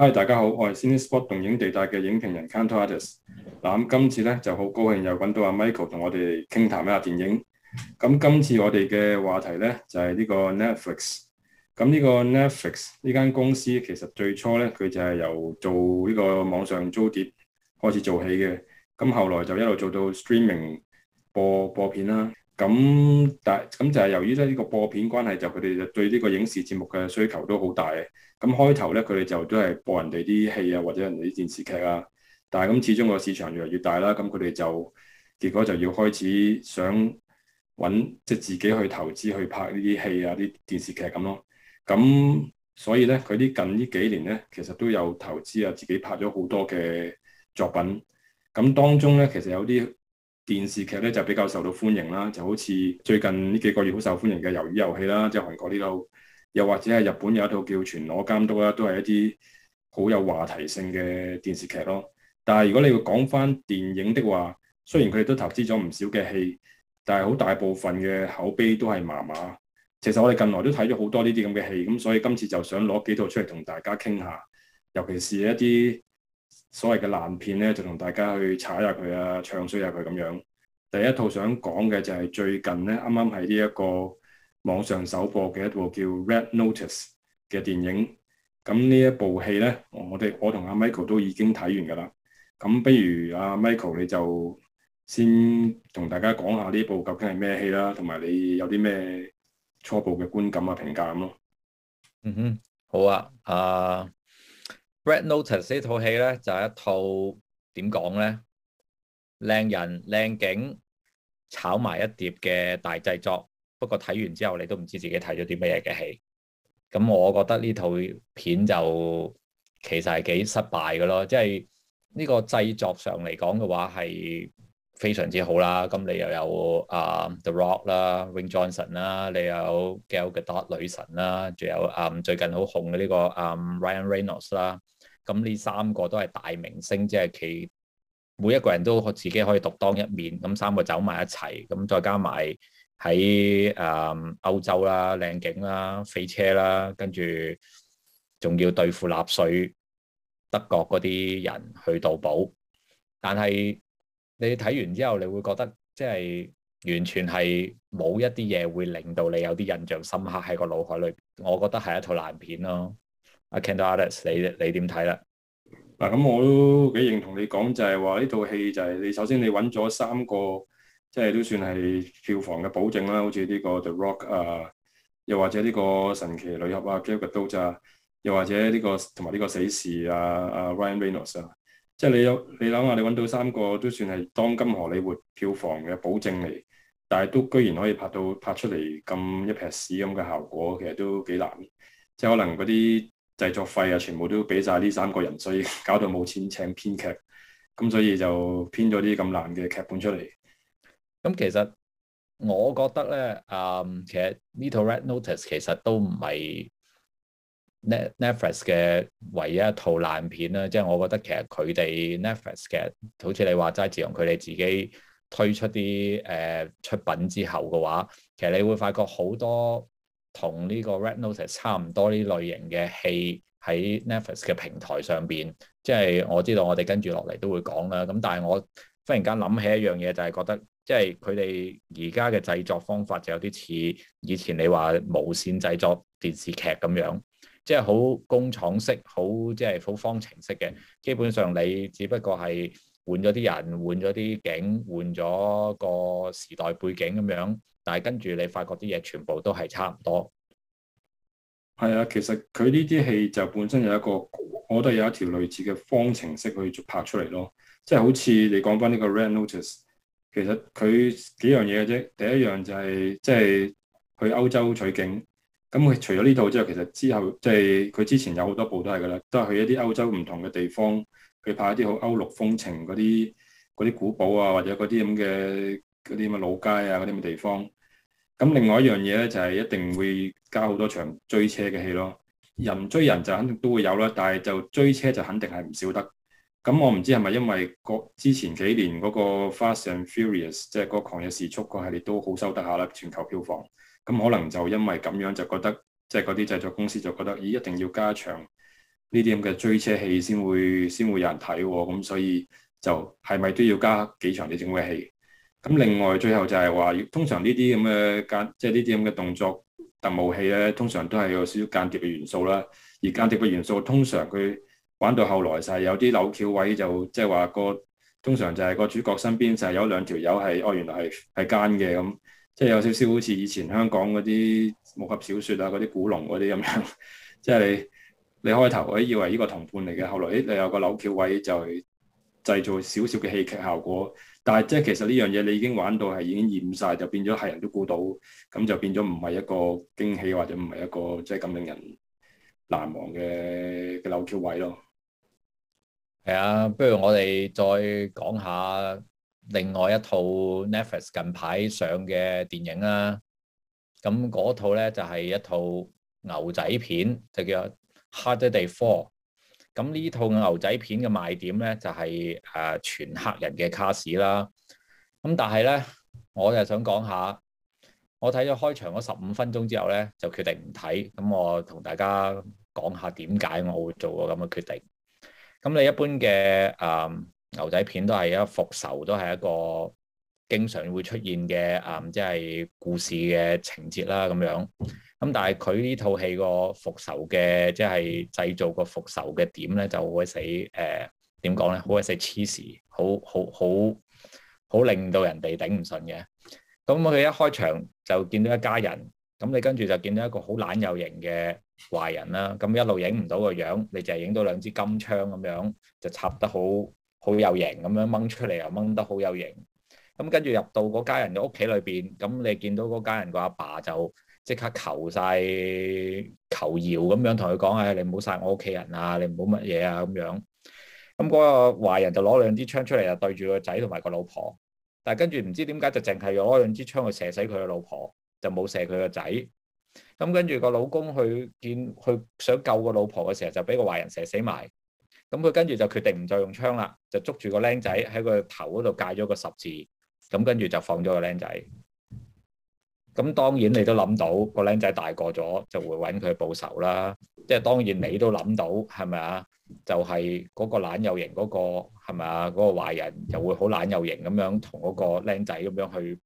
Hi 大家好，我係 Cinespot 動映地帶嘅影評人 Kantorates。嗱，咁今次咧就好高興又揾到阿 Michael 同我哋傾談一下電影。咁今次我哋嘅話題咧就係呢個 Netflix。咁呢個 Netflix 呢間公司其實最初咧佢就係由做呢個網上租碟開始做起嘅。咁後來就一路做到 streaming 播播片啦。咁但係咁就係由於咧呢、呢個播片關係，就佢哋對呢個影視節目嘅需求都好大。咁開頭咧，佢哋就都係播人哋啲戲啊，或者人哋啲電視劇啊。但係咁始終個市場越嚟越大啦，咁佢哋就結果就要開始想揾即係自己去投資去拍呢啲戲啊、啲電視劇咁咯。咁所以咧，佢啲近呢幾年咧，其實都有投資啊，自己拍咗好多嘅作品。咁當中咧，其實有啲，電視劇咧就比較受到歡迎啦，就好似最近呢幾個月好受歡迎嘅《魷魚遊戲》啦，即係韓國呢度，又或者係日本有一套叫《全裸監督》啦，都係一啲好有話題性嘅電視劇咯。但係如果你要講翻電影的話，雖然佢哋都投資咗唔少嘅戲，但係好大部分嘅口碑都係麻麻。其實我哋近來都睇咗好多呢啲咁嘅戲，咁所以今次就想攞幾套出嚟同大家傾下，尤其是一啲。所謂嘅爛片咧，就同大家去踩下佢啊，唱衰下佢咁樣。第一套想講嘅就係最近咧，啱啱喺呢一個網上首播嘅一部叫《Red Notice》嘅電影。咁呢一部戲咧，我哋我同阿 Michael 都已經睇完㗎啦。咁，不如阿 Michael 你就先同大家講下呢部究竟係咩戲啦，同埋你有啲咩初步嘅觀感啊、評價咁咯。嗯哼，好啊，阿、uh。Red Notice 呢套戲咧就係、是、一套點講咧靚人靚景炒埋一碟嘅大製作，不過睇完之後你都唔知自己睇咗啲乜嘢嘅戲。咁我覺得呢套片就其實係幾失敗嘅咯，即係呢個製作上嚟講嘅話係非常之好啦。咁你又有啊、uh, The Rock 啦，Dwayne Johnson 啦，你有 Gal Gadot 女神啦，仲有嗯、um, 最近好紅嘅呢、這個啊、um, Ryan Reynolds 啦。咁呢三個都係大明星，即係佢每一個人都自己可以獨當一面。咁三個走埋一齊，咁再加埋喺誒歐洲啦、靚景啦、飛車啦，跟住仲要對付納粹、德國嗰啲人去盜寶。但係你睇完之後，你會覺得即係完全係冇一啲嘢會令到你有啲印象深刻喺個腦海裏。我覺得係一套爛片咯。阿 Kantorates，你你點睇啦？嗱、啊，咁、嗯、我都幾認同你講、就是，就係話呢套戲就係你首先你揾咗三個，即係都算係票房嘅保證啦。好似呢個 The Rock 啊，又或者呢個神奇女俠啊，Gal Gadot 啊，又或者呢、呢個同埋呢個死侍啊，阿 Ryan Reynolds 啊，即係你有你諗下，你揾到三個都算係當今荷里活票房嘅保證嚟，但係都居然可以拍到拍出嚟咁一撇屎咁嘅效果，其實都幾難。即係可能嗰啲，製作費啊，全部都俾晒呢三個人，所以搞到冇錢請編劇，咁所以就編咗啲咁爛嘅劇本出嚟。咁、嗯、其實我覺得咧，嗯，其實呢套《Red Notice》其實都唔係 Netflix Net 嘅唯一一套爛片啦、啊。即、就、係、是、我覺得其實佢哋 Netflix 其實好似你話齋，自從佢哋自己推出啲誒、呃、出品之後嘅話，其實你會發覺好多。同呢個 Red Notice 差唔多呢類型嘅戲喺 Netflix 嘅平台上邊，即係我知道我哋跟住落嚟都會講啦。咁但係我忽然間諗起一樣嘢，就係覺得即係佢哋而家嘅製作方法就有啲似以前你話無線製作電視劇咁樣，即係好工廠式，好即係好方程式嘅。基本上你只不過係。換咗啲人，換咗啲景，換咗個時代背景咁樣，但係跟住你發覺啲嘢全部都係差唔多。係啊，其實佢呢啲戲就本身有一個，我覺得有一條類似嘅方程式去拍出嚟咯。即係好似你講翻呢個《Red Notice》，其實佢幾樣嘢嘅啫。第一樣就係即係去歐洲取景。咁佢除咗呢套之後，其實之後即係佢之前有好多部都係㗎啦，都係去一啲歐洲唔同嘅地方。佢拍一啲好歐陸風情嗰啲嗰啲古堡啊，或者嗰啲咁嘅嗰啲咁嘅老街啊，嗰啲咁嘅地方。咁另外一樣嘢咧，就係一定會加好多場追車嘅戲咯。人追人就肯定都會有啦，但係就追車就肯定係唔少得。咁我唔知係咪因為個之前幾年嗰個 Fast and Furious，即係嗰個狂野時速個系列都好收得下啦，全球票房。咁可能就因為咁樣就覺得，即係嗰啲製作公司就覺得，咦，一定要加場。呢啲咁嘅追車戲先會先會有人睇喎、哦，咁所以就係咪都要加幾場啲整鬼戲？咁另外最後就係話，通常呢啲咁嘅間，即係呢啲咁嘅動作特務戲咧，通常都係有少少間諜嘅元素啦。而間諜嘅元素通常佢玩到後來就係有啲扭橋位，就即係話個通常就係個主角身邊就係有兩條友係哦，原來係係奸嘅咁，即係有少少好似以前香港嗰啲武俠小說啊，嗰啲古龍嗰啲咁樣，即係你。你開頭我以為呢個同伴嚟嘅，後來誒你有個扭橋位就係製造少少嘅戲劇效果，但係即係其實呢樣嘢你已經玩到係已經厭晒，就變咗係人都估到，咁就變咗唔係一個驚喜或者唔係一個即係咁令人難忘嘅嘅扭橋位咯。係啊，不如我哋再講下另外一套 Netflix 近排上嘅電影啦。咁嗰套咧就係、係、一套牛仔片，就叫。h a r d Day Four，咁呢套牛仔片嘅賣點咧就係、是、誒、呃、全黑人嘅卡 a 啦。咁但係咧，我就想講下，我睇咗開場嗰十五分鐘之後咧，就決定唔睇。咁我同大家講下點解我會做個咁嘅決定。咁你一般嘅誒、呃、牛仔片都係一復仇，都係一個經常會出現嘅誒、呃、即係故事嘅情節啦咁樣。咁但係佢呢套戲個復仇嘅，即係製造個復仇嘅點咧，就好鬼死誒，點講咧，好鬼死黐事，好好好好令到人哋頂唔順嘅。咁佢一開場就見到一家人，咁你跟住就見到一個好懶有型嘅壞人啦。咁一路影唔到個樣，你就係影到兩支金槍咁樣，就插得好好有型咁樣掹出嚟又掹得好有型。咁跟住入到嗰家人嘅屋企裏邊，咁你見到嗰家人個阿爸就，即刻求晒求饒，咁樣，同佢講啊！你唔好殺我屋企人啊！你唔好乜嘢啊咁樣。咁、那、嗰個壞人就攞兩支槍出嚟啊，對住個仔同埋個老婆。但係跟住唔知點解就淨係攞兩支槍去射死佢嘅老婆，就冇射佢嘅仔。咁跟住個老公去見，去想救個老婆嘅時候，就俾個壞人射死埋。咁佢跟住就決定唔再用槍啦，就捉住個僆仔喺佢頭嗰度戒咗個十字。咁跟住就放咗個僆仔。咁當然你都諗到、嗰個僆仔大個咗就會揾佢報仇啦，即係當然你都諗到係咪啊？就係、是、嗰個懶有型嗰、嗰個係咪啊嗰個壞人又會好懶有型咁樣同嗰個僆仔咁樣去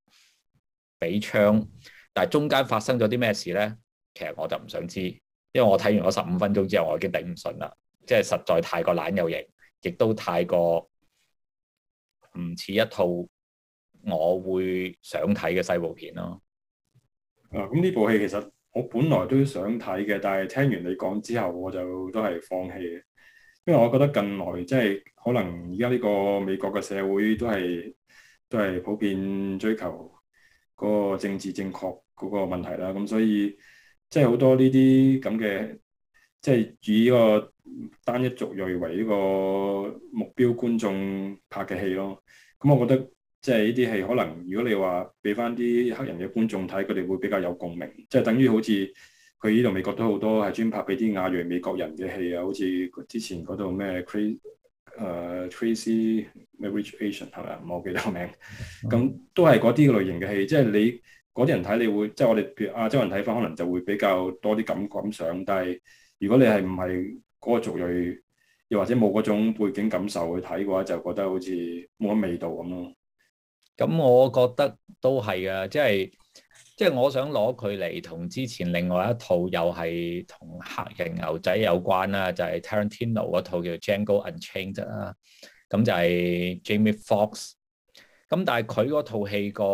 俾槍，但係中間發生咗啲咩事呢？其實我就唔想知，因為我睇完嗰十五分鐘之後，我已經頂唔順啦，即係實在太過懶有型，亦都太過唔似一套我會想睇嘅西部片咯。啊，咁呢、嗯、部戲其實我本來都想睇嘅，但係聽完你講之後，我就都係放棄嘅，因為我覺得近來即係可能而家呢個美國嘅社會都係都係普遍追求嗰個政治正確嗰個問題啦，咁、嗯、所以即係好多呢啲咁嘅，即係以個單一族裔為呢個目標觀眾拍嘅戲咯，咁、嗯、我覺得。即係呢啲戲可能，如果你話俾翻啲黑人嘅觀眾睇，佢哋會比較有共鳴。即係等於好似佢呢度美國都好多係專拍俾啲亞裔美國人嘅戲啊，好似之前嗰度咩 crazy 誒 crazy Rich Asian 係咪啊？唔記得個名。咁、mm hmm. 都係嗰啲類型嘅戲。即係你嗰啲人睇，你會即係我哋譬如亞洲人睇翻，可能就會比較多啲感覺感想。但係如果你係唔係嗰個族類，又或者冇嗰種背景感受去睇嘅話，就覺得好似冇乜味道咁咯。咁我覺得都係啊，即係即係我想攞佢嚟同之前另外一套又係同黑人牛仔有關啦，就係、是、Tarantino 嗰套叫 Django Unchained 啦，咁就係 Jamie Foxx。咁但係佢嗰套戲個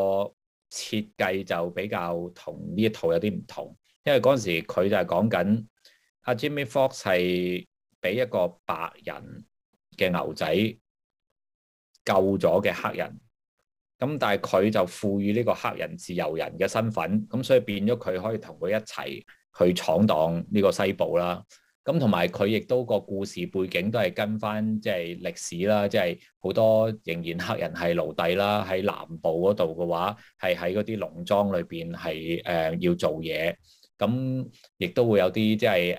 設計就比較同呢一套有啲唔同，因為嗰陣時佢就係講緊阿、啊、Jamie Foxx 係俾一個白人嘅牛仔救咗嘅黑人。咁但係佢就賦予呢個黑人自由人嘅身份，咁所以變咗佢可以同佢一齊去闖蕩呢個西部啦。咁同埋佢亦都個故事背景都係跟翻即係歷史啦，即係好多仍然黑人係奴隸啦，喺南部嗰度嘅話係喺嗰啲農莊裏邊係誒要做嘢，咁亦都會有啲即係誒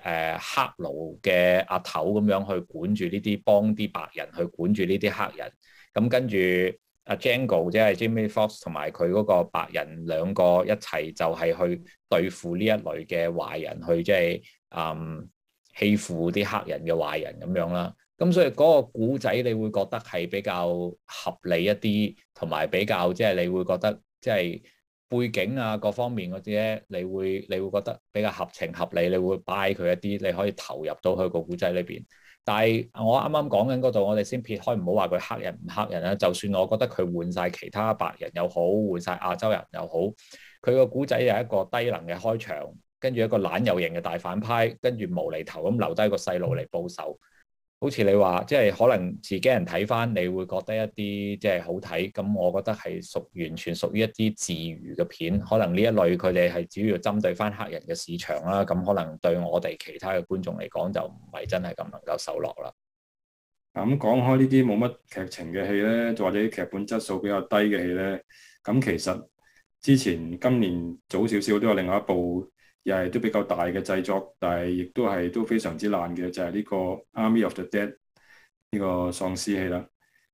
黑奴嘅阿頭咁樣去管住呢啲，幫啲白人去管住呢啲黑人，咁跟住。阿 Django 即係 Jimmy Fox 同埋佢嗰個白人兩個一齊就係去對付呢一類嘅壞人，去即係嗯欺負啲黑人嘅壞人咁樣啦。咁所以嗰個故仔你會覺得係比較合理一啲，同埋比較即係你會覺得即係背景啊各方面嗰啲咧，你會你會覺得比較合情合理，你會 buy 佢一啲，你可以投入到去個古仔裏邊。但係我啱啱講緊嗰度，我哋先撇開，唔好話佢黑人唔黑人啦。就算我覺得佢換晒其他白人又好，換晒亞洲人又好，佢個古仔又係一個低能嘅開場，跟住一個懶又型嘅大反派，跟住無厘頭咁留低個細路嚟報仇。好似你話，即係可能自己人睇翻，你會覺得一啲即係好睇。咁我覺得係屬完全屬於一啲自娛嘅片，可能呢一類佢哋係主要針對翻黑人嘅市場啦。咁可能對我哋其他嘅觀眾嚟講，就唔係真係咁能夠受落啦。咁講開呢啲冇乜劇情嘅戲咧，或者劇本質素比較低嘅戲咧，咁其實之前今年早少少都有另外一部。又係都比較大嘅製作，但係亦都係都非常之爛嘅，就係、是、呢、這個 Army of the Dead 呢、這個喪屍戲啦。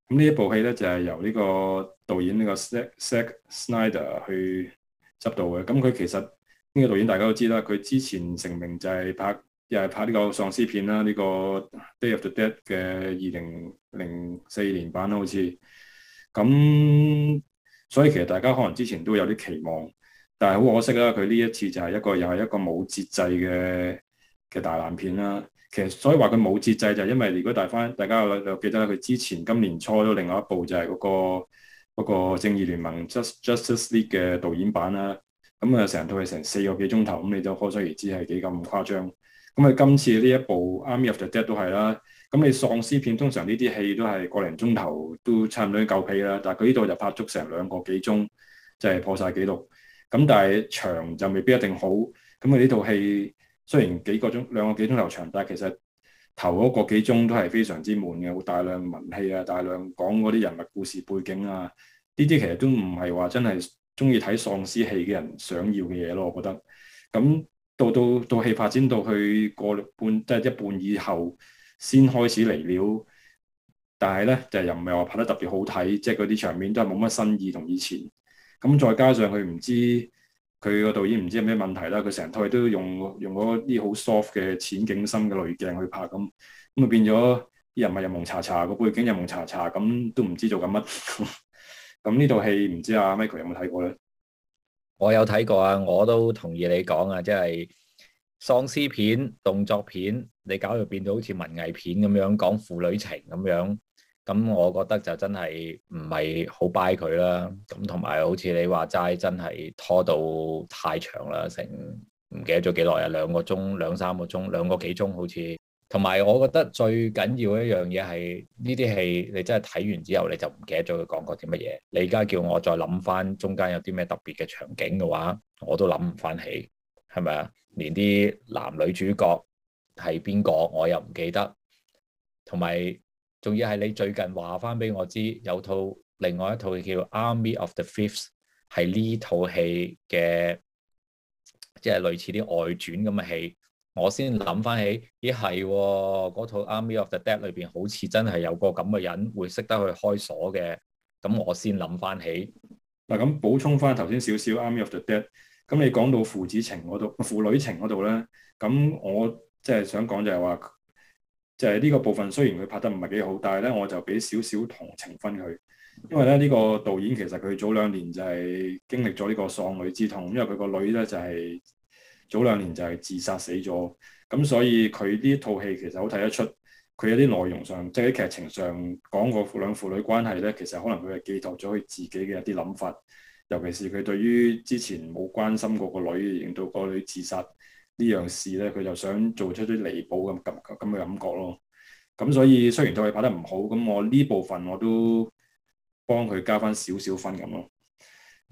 咁呢一部戲咧就係、是、由呢個導演呢個 Zack Snyder 去執導嘅。咁佢其實呢、這個導演大家都知啦，佢之前成名就係拍又係拍呢個喪屍片啦，呢、這個 Day of the Dead 嘅二零零四年版啦，好似。咁所以其實大家可能之前都有啲期望。但係好可惜啦，佢呢一次就係一個又係一個冇節制嘅嘅大爛片啦。其實所以話佢冇節制就係因為如果大翻，大家又記得佢之前今年初都另外一部就係嗰個嗰個正義聯盟 Just Justice League 嘅導演版啦。咁啊成套係成四個幾鐘頭，咁你都可想而知係幾咁誇張。咁佢今次呢一部 Army of the Dead 都係啦。咁你喪屍片通常呢啲戲都係個零鐘頭都差唔多夠皮啦，但係佢呢度就拍足成兩個幾鐘，就係破晒紀錄。咁但係長就未必一定好。咁佢呢套戲雖然幾個鐘兩個幾鐘頭長，但係其實頭嗰個幾鐘都係非常之悶嘅，好大量文戲啊，大量講嗰啲人物故事背景啊，呢啲其實都唔係話真係中意睇喪屍戲嘅人想要嘅嘢咯，我覺得。咁到到到戲發展到去過半，即係一半以後先開始嚟料。但係咧就係又唔係話拍得特別好睇，即係嗰啲場面都係冇乜新意同以前。咁再加上佢唔知佢個導演唔知有咩問題啦，佢成套都用用嗰啲好 soft 嘅淺景深嘅濾鏡去拍咁，咁啊變咗啲人物矇查查，個背景矇查查，咁都唔知做緊乜。咁呢套戲唔知阿 Michael 有冇睇過咧？我有睇過啊，我都同意你講啊，即係喪屍片、動作片，你搞到變到好似文藝片咁樣，講父女情咁樣。咁我覺得就真係唔係好 buy 佢啦，咁同埋好似你話齋，真係拖到太長啦，成唔記得咗幾耐啊？兩個鐘、兩三個鐘、兩個幾鐘好似，同埋我覺得最緊要一樣嘢係呢啲戲你真係睇完之後你就唔記得咗佢講過啲乜嘢，你而家叫我再諗翻中間有啲咩特別嘅場景嘅話，我都諗唔翻起，係咪啊？連啲男女主角係邊個我又唔記得，同埋。仲要係你最近話翻俾我知有套另外一套叫《Army of the Thieves》，係呢套戲嘅，即係類似啲外傳咁嘅戲，我先諗翻起，咦係嗰套《Army of the Dead》裏邊好似真係有個咁嘅人會識得去開鎖嘅，咁我先諗翻起。嗱咁、啊、補充翻頭先少少《Army of the Dead》，咁你講到父子情嗰度，父女情嗰度咧，咁我即係想講就係話。就係呢個部分，雖然佢拍得唔係幾好，但係咧我就俾少少同情分佢，因為咧呢個導演其實佢早兩年就係經歷咗呢個喪女之痛，因為佢個女咧就係早兩年就係自殺死咗，咁所以佢呢套戲其實好睇得出，佢有啲內容上，即係啲劇情上講過父兩父女關係咧，其實可能佢係寄託咗佢自己嘅一啲諗法，尤其是佢對於之前冇關心過個女，令到個女自殺。呢樣事咧，佢就想做出啲彌補咁感咁嘅感覺咯。咁所以雖然套戲拍得唔好，咁我呢部分我都幫佢加翻少少分咁咯。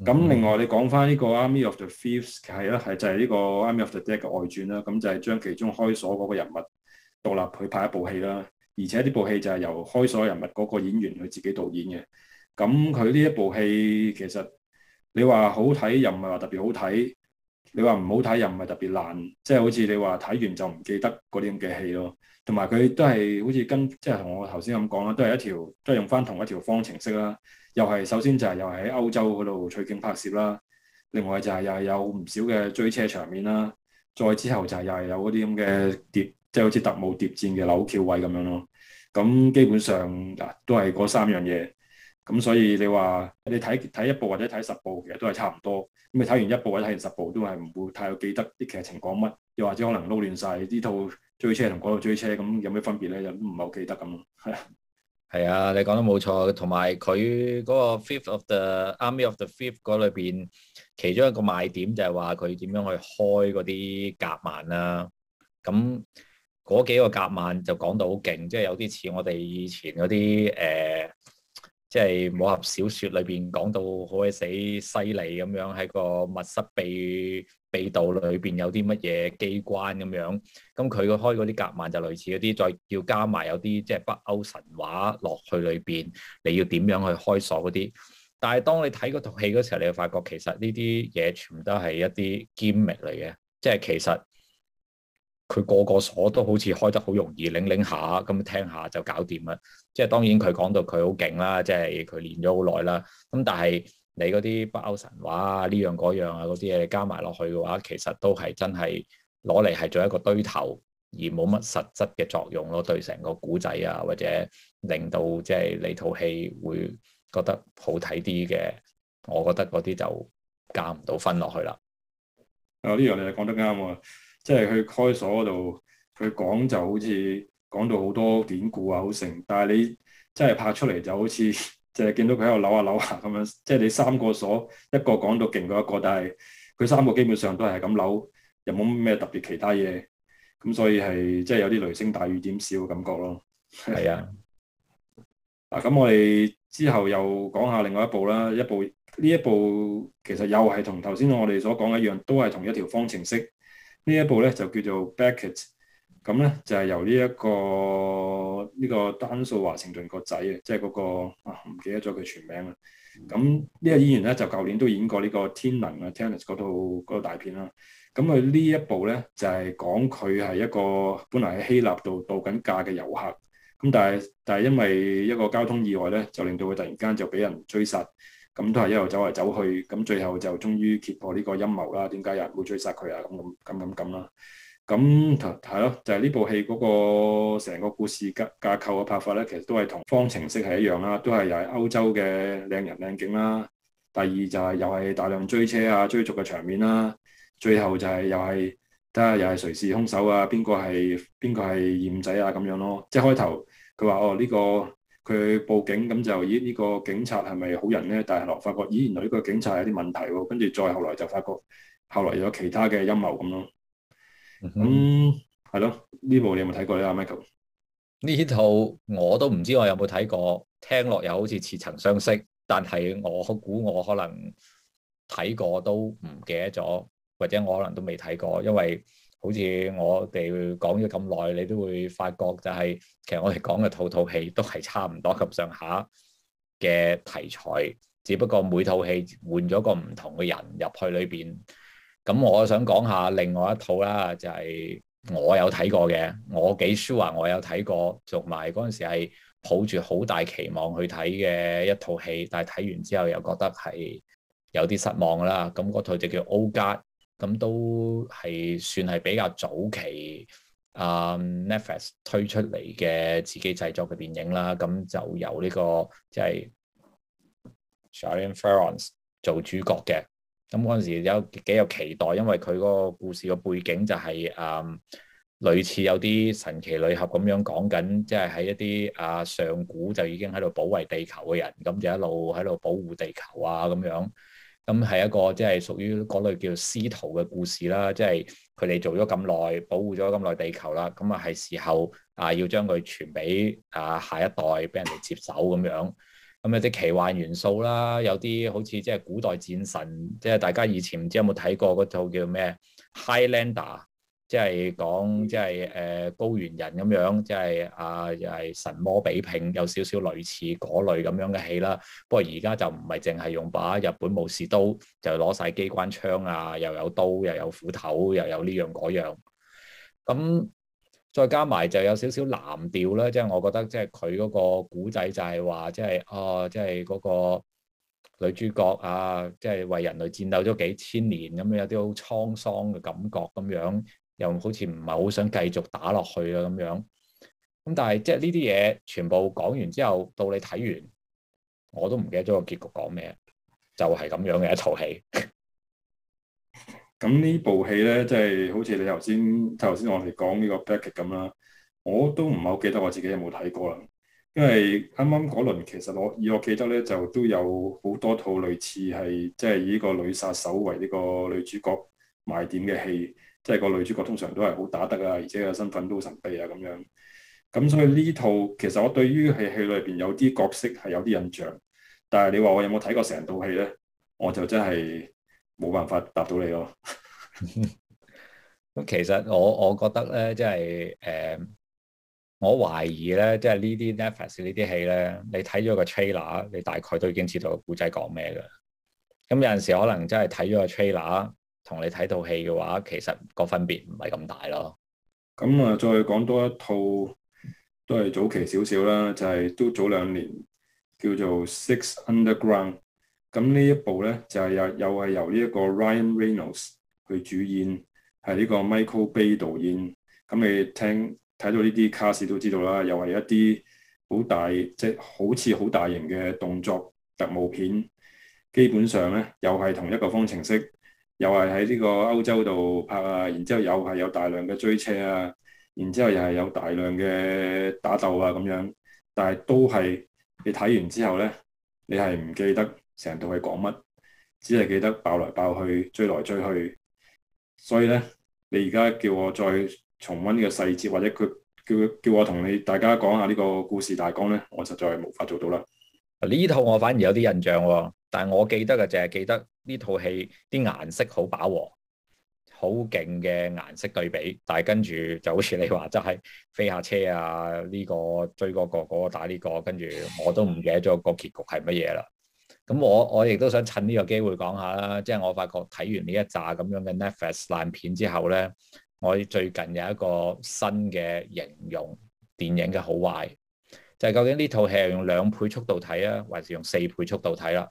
咁另外、嗯、你講翻呢個 Army of the Thieves 係啦，係就係呢個 Army of the Dead 嘅外傳啦。咁就係將其中開鎖嗰個人物獨立去拍一部戲啦。而且呢部戲就係由開鎖人物嗰個演員佢自己導演嘅。咁佢呢一部戲其實你話好睇又唔係話特別好睇。你話唔好睇又唔係特別爛，即係好似你話睇完就唔記得嗰啲咁嘅戲咯。同埋佢都係好似跟即係同我頭先咁講啦，都係一條都係用翻同一條方程式啦。又係首先就係又係喺歐洲嗰度取景拍攝啦。另外就係又係有唔少嘅追車場面啦。再之後就係又係有嗰啲咁嘅碟，即係好似特務諜戰嘅扭橋位咁樣咯。咁基本上嗱都係嗰三樣嘢。咁所以你話你睇睇一部或者睇十部，其實都係差唔多。咁你睇完一部或者睇完十部，都係唔會太有記得啲劇情講乜，又或者可能撈亂晒呢套追車同嗰套追車，咁有咩分別咧？又唔係好記得咁。係啊，係啊，你講得冇錯。同埋佢嗰個《Fifth of the Army of the Fifth》嗰裏邊，其中一個賣點就係話佢點樣去開嗰啲夾萬啦。咁嗰幾個夾萬就講到好勁，即係有啲似我哋以前嗰啲誒。呃即係武俠小說裏邊講到好鬼死犀利咁樣，喺個密室秘秘道裏邊有啲乜嘢機關咁樣，咁佢開嗰啲夾萬就類似嗰啲，再要加埋有啲即係北歐神話落去裏邊，你要點樣去開鎖嗰啲？但係當你睇嗰套戲嗰時候，你就發覺其實呢啲嘢全部都係一啲 game 嚟嘅，即係其實。佢個個鎖都好似開得好容易，擰擰下咁聽下就搞掂啦。即係當然佢講到佢好勁啦，即係佢練咗好耐啦。咁但係你嗰啲北歐神話啊，呢樣嗰樣啊嗰啲嘢加埋落去嘅話，其實都係真係攞嚟係做一個堆頭，而冇乜實質嘅作用咯。對成個古仔啊，或者令到即係你套戲會覺得好睇啲嘅，我覺得嗰啲就加唔到分落去啦。啊，呢樣你講得啱啊！即係佢開鎖嗰度，佢講就好似講到好多典故啊，好成。但係你真係拍出嚟就好似即係見到佢喺度扭下扭下咁樣。即係你三個鎖一個講到勁過一個，但係佢三個基本上都係咁扭，又冇咩特別其他嘢。咁所以係即係有啲雷聲大雨點小嘅感覺咯。係啊，嗱，咁我哋之後又講下另外一部啦，一部呢一部其實又係同頭先我哋所講一樣，都係同一條方程式。呢一部咧就叫做 Beckett，咁咧就係由呢、這、一個呢、這個丹素華盛頓、就是那個仔啊，即係嗰個啊唔記得咗佢全名啦。咁呢個演員咧就舊年都演過呢個天能啊 Tennis 嗰套嗰個大片啦。咁佢呢一部咧就係、是、講佢係一個本嚟喺希臘度度緊假嘅遊客，咁但係但係因為一個交通意外咧，就令到佢突然間就俾人追殺。咁都係一路走嚟走去，咁最後就終於揭破呢個陰謀啦。點解有人會追殺佢啊？咁咁咁咁啦。咁係咯，就係、係、呢部戲嗰、嗰個成個故事架架構嘅拍法咧，其實都係同方程式係一樣啦，都係又係歐洲嘅靚人靚景啦。第二就係又係大量追車啊、追逐嘅場面啦。最後就係又係睇下又係誰是兇手啊？邊個係邊個係嫌仔啊？咁樣咯。即係開頭佢話哦，呢、這個。佢報警咁就咦呢、這個警察係咪好人咧？但係落發覺咦原來呢個警察有啲問題喎，跟住再後來就發覺後來又有其他嘅陰謀咁咯。咁係咯，呢、嗯嗯、部你有冇睇過咧，阿 Michael？呢套我都唔知我有冇睇過，聽落又好似似曾相識，但係我估我可能睇過都唔記得咗，嗯、或者我可能都未睇過，因為。好似我哋講咗咁耐，你都會發覺就係其實我哋講嘅套套戲都係差唔多咁上下嘅題材，只不過每套戲換咗個唔同嘅人入去裏邊。咁我想講下另外一套啦，就係我有睇過嘅，我幾 sure 啊我有睇過，同埋嗰陣時係抱住好大期望去睇嘅一套戲，但係睇完之後又覺得係有啲失望啦。咁嗰套就叫《Old Guard》。咁都係算係比較早期啊、um, Netflix 推出嚟嘅自己製作嘅電影啦，咁就由呢、這個即係、就是、Charlize Theron 做主角嘅。咁嗰陣時有幾有期待，因為佢嗰個故事個背景就係、是、啊、um, 類似有啲神奇女俠咁樣講緊，即係喺一啲啊、uh, 上古就已經喺度保衞地球嘅人，咁就一路喺度保護地球啊咁樣。咁係一個即係屬於嗰類叫師徒嘅故事啦，即係佢哋做咗咁耐，保護咗咁耐地球啦，咁啊係時候啊要將佢傳俾啊下一代，俾人哋接手咁樣。咁有啲奇幻元素啦，有啲好似即係古代戰神，即係大家以前唔知有冇睇過嗰套叫咩《Highlander》。即係講，即係誒高原人咁樣，即係啊，係神魔比拼，有少少類似嗰類咁樣嘅戲啦。不過而家就唔係淨係用把日本武士刀，就攞晒機關槍啊，又有刀，又有斧頭，又有呢樣嗰樣。咁再加埋就有少少藍調啦。即係我覺得，即係佢嗰個古仔就係話，即係啊，即係嗰個女主角啊，即係為人類戰鬥咗幾千年咁樣，有啲好滄桑嘅感覺咁樣。又好似唔係好想繼續打落去啊咁樣，咁但係即係呢啲嘢全部講完之後，到你睇完，我都唔記得咗個結局講咩，就係咁樣嘅一套戲。咁呢部戲咧，即係好似你頭先，頭先我哋講呢個《Beckett》咁啦，我都唔係好記得我自己有冇睇過啦，因為啱啱嗰輪其實我以我記得咧就都有好多套類似係即係以呢個女殺手為呢個女主角賣點嘅戲。即係個女主角通常都係好打得啊，而且個身份都神秘啊咁樣。咁所以呢套其實我對於戲戲裏邊有啲角色係有啲印象，但係你話我有冇睇過成套戲咧，我就真係冇辦法答到你咯。咁 其實我我覺得咧，即係誒，我懷疑咧，即係呢啲 Netflix 呢啲戲咧，你睇咗個 trailer，你大概都已經知道個故仔講咩噶。咁有陣時可能真係睇咗個 trailer。同你睇套戲嘅話，其實個分別唔係咁大咯。咁啊，再講多一套都係早期少少啦，就係、是、都早兩年叫做《Six Underground》。咁呢一部咧就係、是、又又係由呢一個 Ryan Reynolds 去主演，係呢個 Michael Bay 導演。咁你聽睇到呢啲卡 a 都知道啦，又係一啲、就是、好大即係好似好大型嘅動作特務片，基本上咧又係同一個方程式，又係喺呢個歐洲度拍啊，然之後又係有大量嘅追車啊，然之後又係有大量嘅打鬥啊咁樣，但係都係你睇完之後咧，你係唔記得成套係講乜，只係記得爆來爆去、追來追去，所以咧，你而家叫我再重溫呢個細節，或者佢叫叫我同你大家講下呢個故事大綱咧，我實在係無法做到啦。呢套我反而有啲印象喎、哦。但係我記得嘅就係記得呢套戲啲顏色好飽和，好勁嘅顏色對比。但係跟住就好似你話，就係飛下車啊，呢個追嗰個嗰打呢個，跟住我都唔記得咗個結局係乜嘢啦。咁我我亦都想趁呢個機會講下啦，即係我發覺睇完呢一紮咁樣嘅 Netflix 爛片之後咧，我最近有一個新嘅形容電影嘅好壞，就係究竟呢套戲係用兩倍速度睇啊，還是用四倍速度睇啦？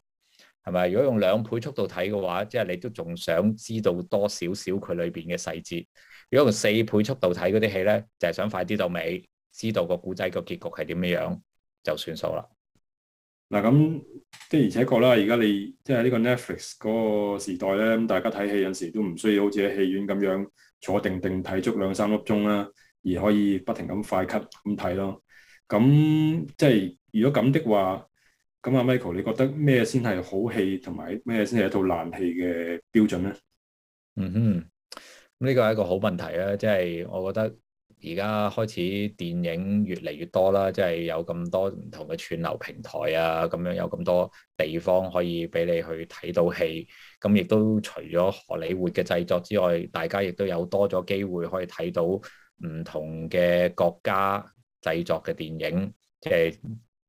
係咪？如果用兩倍速度睇嘅話，即係你都仲想知道多少少佢裏邊嘅細節。如果用四倍速度睇嗰啲戲咧，就係想快啲到尾，知道個古仔個結局係點樣，就算數啦。嗱，咁即係而且的確啦，而家你即係呢個 Netflix 嗰個時代咧，咁大家睇戲有時都唔需要好似喺戲院咁樣坐定定睇足兩三粒鐘啦，而可以不停咁快 cut 咁睇咯。咁即係如果咁的話。咁阿 Michael，你覺得咩先係好戲，同埋咩先係一套爛戲嘅標準咧？嗯哼，呢個係一個好問題啊！即係我覺得而家開始電影越嚟越多啦，即係有咁多唔同嘅串流平台啊，咁樣有咁多地方可以俾你去睇到戲。咁亦都除咗荷里活嘅製作之外，大家亦都有多咗機會可以睇到唔同嘅國家製作嘅電影，即係。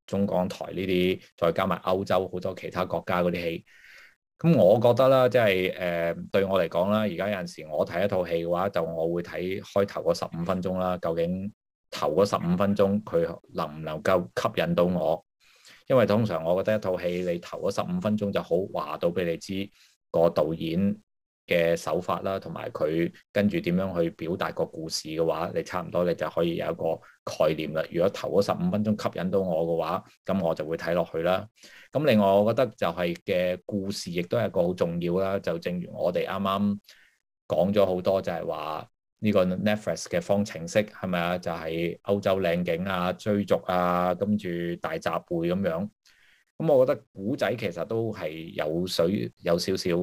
中港台呢啲，再加埋歐洲好多其他國家嗰啲戲，咁我覺得啦，即係誒、呃，對我嚟講啦，而家有陣時我睇一套戲嘅話，就我會睇開頭嗰十五分鐘啦，究竟頭嗰十五分鐘佢能唔能夠吸引到我？因為通常我覺得一套戲你頭嗰十五分鐘就好話到俾你知個導演。嘅手法啦，同埋佢跟住點樣去表達個故事嘅話，你差唔多你就可以有一個概念啦。如果頭嗰十五分鐘吸引到我嘅話，咁我就會睇落去啦。咁另外，我覺得就係嘅故事亦都係一個好重要啦。就正如我哋啱啱講咗好多，就係話呢個 Netflix 嘅方程式係咪啊？就係、是、歐洲靚景啊、追逐啊、跟住大集背咁樣。咁、嗯、我覺得古仔其實都係有水，有少少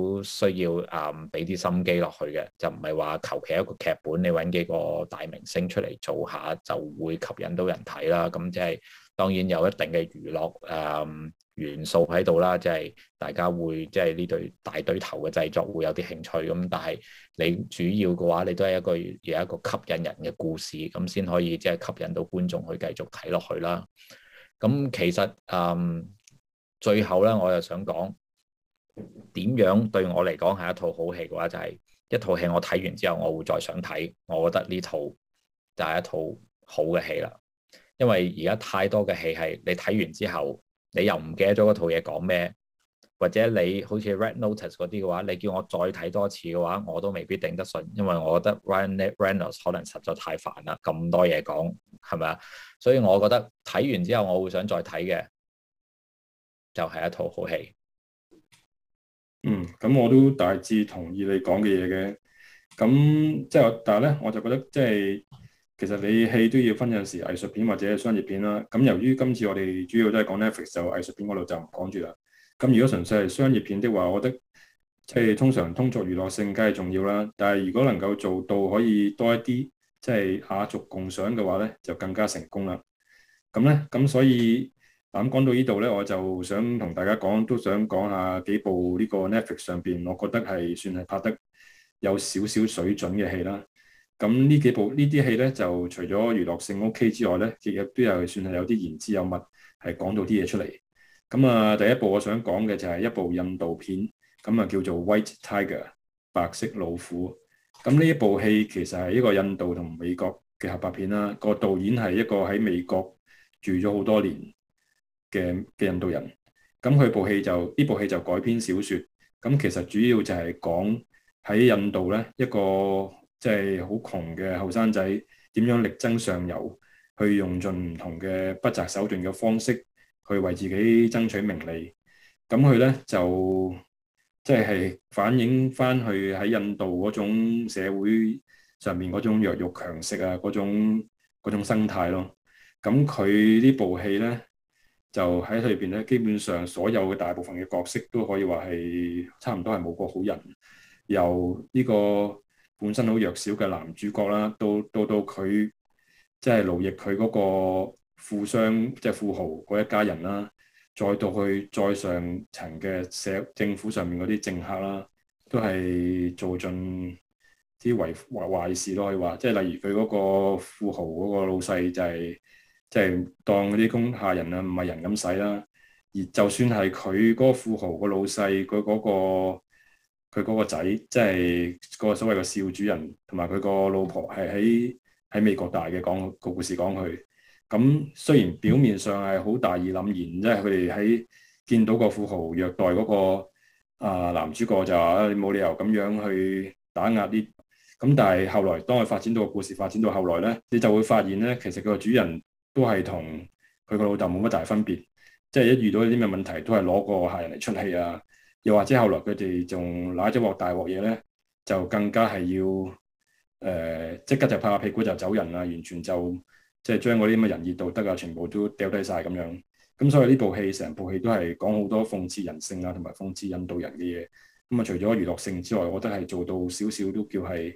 需要啊，俾、嗯、啲心機落去嘅，就唔係話求其一個劇本，你揾幾個大明星出嚟做下就會吸引到人睇啦。咁、嗯、即係當然有一定嘅娛樂誒、嗯、元素喺度啦，即係大家會即係呢對大堆頭嘅製作會有啲興趣咁、嗯。但係你主要嘅話，你都係一個有一個吸引人嘅故事咁，先、嗯、可以即係吸引到觀眾去繼續睇落去啦。咁、嗯、其實誒。嗯最後咧，我又想講點樣對我嚟講係一套好戲嘅話，就係一套戲我睇完之後，我會再想睇。我覺得呢套就係一套好嘅戲啦。因為而家太多嘅戲係你睇完之後，你又唔記得咗嗰套嘢講咩，或者你好似 Red Notice 嗰啲嘅話，你叫我再睇多次嘅話，我都未必頂得順。因為我覺得 Ryan Reynolds 可能實在太煩啦，咁多嘢講，係咪啊？所以我覺得睇完之後，我會想再睇嘅，就係一套好戲。嗯，咁我都大致同意你講嘅嘢嘅。咁即係，但係咧，我就覺得即係，其實你戲都要分陣時，藝術片或者商業片啦。咁由於今次我哋主要都係講 Netflix，就藝術片嗰度就唔講住啦。咁如果純粹係商業片的話，我覺得即係通常通俗娛樂性梗係重要啦。但係如果能夠做到可以多一啲，即係雅俗共賞嘅話咧，就更加成功啦。咁咧，咁所以。咁講到呢度咧，我就想同大家講，都想講下幾部呢個 Netflix 上邊，我覺得係算係拍得有少少水準嘅戲啦。咁呢幾部呢啲戲咧，就除咗娛樂性 OK 之外咧，亦亦都有算係有啲言之有物，係講到啲嘢出嚟。咁啊，第一部我想講嘅就係一部印度片，咁啊叫做《White Tiger 白色老虎》。咁呢一部戲其實係一個印度同美國嘅合拍片啦。個導演係一個喺美國住咗好多年，嘅嘅印度人，咁佢部戲就呢部戲就改編小說，咁其實主要就係講喺印度咧一個即係好窮嘅後生仔點樣力爭上游，去用盡唔同嘅不擇手段嘅方式去為自己爭取名利。咁佢咧就即係反映翻去喺印度嗰種社會上面嗰種弱肉強食啊，嗰種嗰種生態咯。咁佢呢部戲咧。就喺裏邊咧，基本上所有嘅大部分嘅角色都可以話係差唔多係冇個好人。由呢個本身好弱小嘅男主角啦，到到到佢即係勞役佢嗰個富商，即係富豪嗰一家人啦，再到去再上層嘅社政府上面嗰啲政客啦，都係做盡啲違壞事都可以話，即係例如佢嗰個富豪嗰個老細就係。即係當嗰啲工下人啊，唔係人咁使啦。而就算係佢嗰個富豪個老細，佢嗰個佢嗰個仔，即係個所謂個少主人，同埋佢個老婆係喺喺美國大嘅講個故事講佢。咁雖然表面上係好大義凜然，即係佢哋喺見到個富豪虐待嗰個啊男主角就話：你冇理由咁樣去打壓啲。咁但係後來當佢發展到個故事發展到後來咧，你就會發現咧，其實個主人。都係同佢個老豆冇乜大分別，即係一遇到啲咩問題，都係攞個客人嚟出氣啊！又或者後來佢哋仲揦咗鑊大鑊嘢咧，就更加係要誒即刻就拍下屁股就走人啊！完全就即係將嗰啲咁嘅仁義道德啊，全部都掉低晒咁樣。咁所以呢部戲成部戲都係講好多諷刺人性啊，同埋諷刺印度人嘅嘢。咁啊，除咗娛樂性之外，我覺得係做到少少都叫係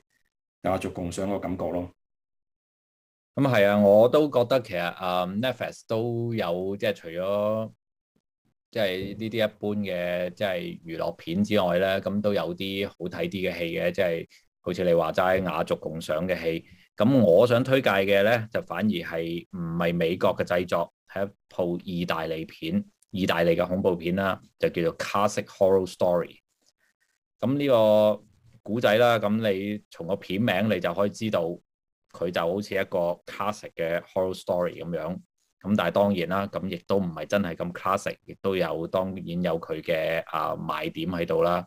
雅俗共賞個感覺咯。咁係啊，我都覺得其實啊、um, Netflix 都有即係、就是、除咗即係呢啲一般嘅即係娛樂片之外咧，咁都有啲好睇啲嘅戲嘅，即、就、係、是、好似你話齋雅俗共賞嘅戲。咁我想推介嘅咧，就反而係唔係美國嘅製作，係一套意大利片、意大利嘅恐怖片啦，就叫做 Classic Horror Story。咁呢個古仔啦，咁你從個片名你就可以知道。佢就好似一個 classic 嘅 horror story 咁樣，咁但係當然啦，咁亦都唔係真係咁 classic，亦都有當然有佢嘅啊賣點喺度啦。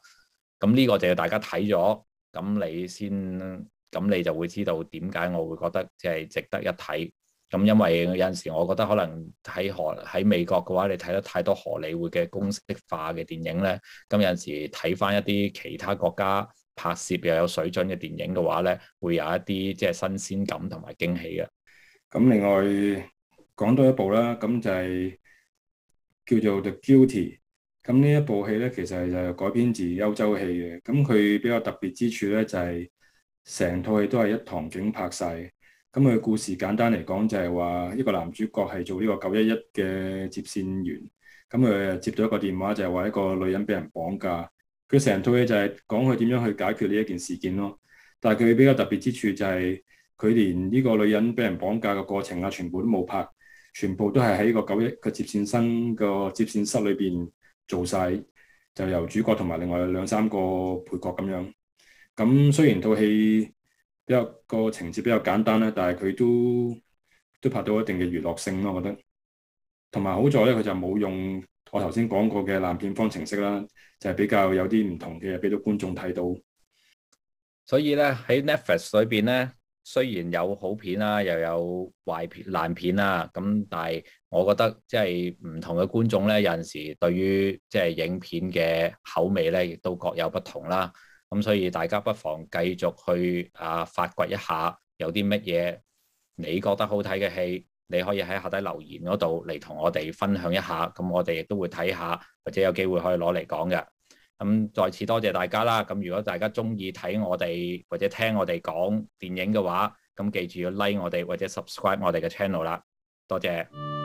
咁呢個就要大家睇咗，咁你先咁你就會知道點解我會覺得即係值得一睇。咁因為有陣時我覺得可能喺荷喺美國嘅話，你睇得太多荷里活嘅公式化嘅電影咧，咁有陣時睇返一啲其他國家，拍攝又有水準嘅電影嘅話咧，會有一啲即係新鮮感同埋驚喜嘅。咁另外講多一部啦，咁就係叫做《The Guilty》。咁呢一部戲咧，其實係就改編自歐洲戲嘅。咁佢比較特別之處咧，就係成套戲都係一堂景拍晒。咁佢故事簡單嚟講，就係話一個男主角係做呢個九一一嘅接線員。咁佢接到一個電話，就係話一個女人俾人綁架。佢成套戲就係講佢點樣去解決呢一件事件咯。但係佢比較特別之處就係佢連呢個女人俾人綁架嘅過程啊，全部都冇拍，全部都係喺個九億個接線生個接線室裏邊做晒，就由主角同埋另外兩三個配角咁樣。咁雖然套戲比較個情節比較簡單啦，但係佢都都拍到一定嘅娛樂性咯，我覺得。同埋好在咧，佢就冇用。我頭先講過嘅爛片方程式啦，就係、是、比較有啲唔同嘅，俾到觀眾睇到。所以咧，喺 Netflix 裏邊咧，雖然有好片啦，又有壞片、爛片啦，咁但係我覺得即係唔同嘅觀眾咧，有陣時對於即係、就是、影片嘅口味咧，亦都各有不同啦。咁所以大家不妨繼續去啊發掘一下，有啲乜嘢你覺得好睇嘅戲。你可以喺下底留言嗰度嚟同我哋分享一下，咁我哋亦都會睇下，或者有機會可以攞嚟講嘅。咁再次多謝大家啦。咁如果大家中意睇我哋或者聽我哋講電影嘅話，咁記住要 like 我哋或者 subscribe 我哋嘅 channel 啦。多謝。